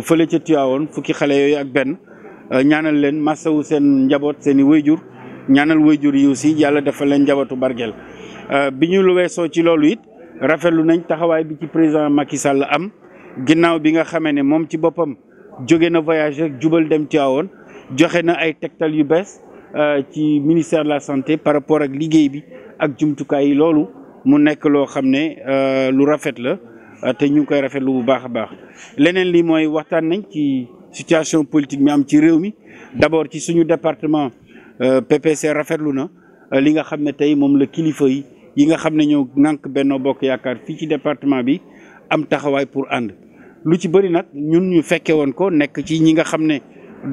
fële ca Tiwaawoon fukki xale yooyu ak benn euh, ñaanal leen masawu seen njaboot seen i wayjur ñaanal wayjur yi aussi yàlla defal leen njabootu bargeel euh, bi ñu lu weesoo ci loolu it rafetlu nañ taxawaay bi ci président Macky Sall am ginnaaw bi nga xamee ne moom ci boppam jóge na voyage jubal dem Tiwaawoon joxe na ay tegtal yu bees euh, ci ministère de la santé par rapport ak liggéey bi ak jumtukaay yi loolu mu nekk loo xam ne lu rafet la. Euh, te ñu koy rafetlu bu baax a baax leneen li mooy waxtaan nañ ci situation politique mi am ci réew mi d'abord ci suñu département euh, PPC rafetlu na euh, li nga xam ne tey moom la kilifa yi yi nga xam ne ñoo nànk Benno Bokk Yaakaar fii ci département bi am taxawaay pour ànd lu ci bëri nag ñun ñu fekke woon ko nekk ci ñi nga xam ne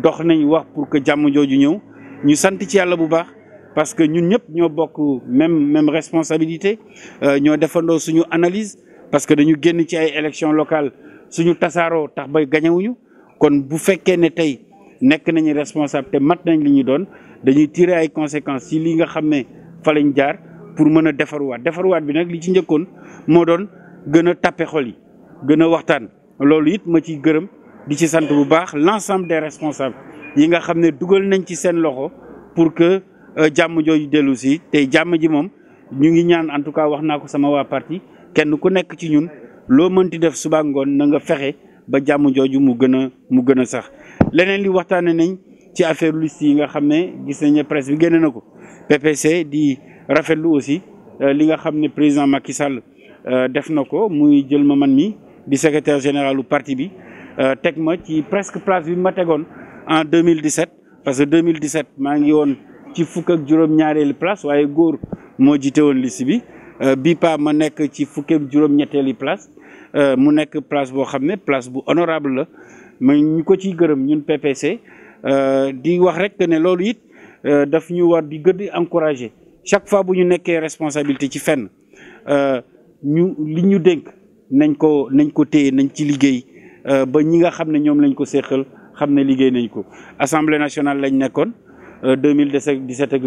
dox nañ wax pour que jàmm jooju ñëw ñu sant ci yàlla bu baax parce que ñun ñëpp ñoo bokk même même responsabilité ñoo defandoo suñu analyse parce que dañu génn ci ay élections locales suñu tasaaroo tax bay kon bu fekkee ne tey nekk nañu responsable te mat nañ li doon dañuy tirer ay conséquences ci li nga fa lañ jaar pour bi nag li ci njëkkoon moo doon gën a xol yi gën a waxtaan loolu it ma ciy gërëm di ci sant bu baax l'ensemble des responsables yi nga xam ne dugal nañ ci seen loxo pour que euh, jàmm jooju dellu si tey jàmm ji moom ñu ngi ñaan en tout cas wax naa sama waa parti kenn ku nekk ci ñun loo mënti def suba ngoon na nga fexe ba jàmm jooju mu gën a mu gën a sax leneen li waxtaane nañ ci affaire liste yi nga xam ne gis nañ presse bi génne na ko PPC di rafetlu aussi euh, li nga xam ne président Macky Sall euh, def na ko muy jël ma man mi di secrétaire généralu parti bi euh, teg ma ci presque place bi ma tegoon en 2017 parce que 2017 maa ngi woon ci fukk ak juróom-ñaareelu place waaye góor moo jiite woon liste bi. Euh, Bipa, ma nek ci place euh, mu place place bu honorable la ma PPC euh, di wax rek it daf ñu war di encourager chaque fois bu ñu nekké responsabilité ci fenn ñu li ñu denk nañ ko nañ ko nañ ci ba ñi nga lañ ko assemblée nationale lañ 2017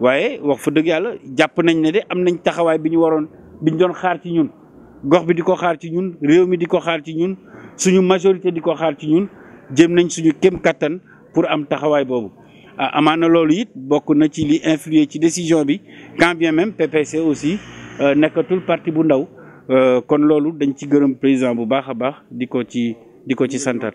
waaye wax fa dëgg yàlla jàpp nañ ne de am nañ taxawaay bi ñu waroon bi ñu doon xaar ci ñun gox bi di ko xaar ci ñun réew mi di ko xaar ci ñun suñu majorité di ko xaar ci ñun jëm nañ suñu kem kattan pour am taxawaay boobu. ah na loolu it bokk na ci li influer ci décision bi quand bien même PPC aussi euh, nekkatul partie bu ndaw euh, kon loolu dañ ci gërëm président bu baax a baax di ko ci di ko ci santat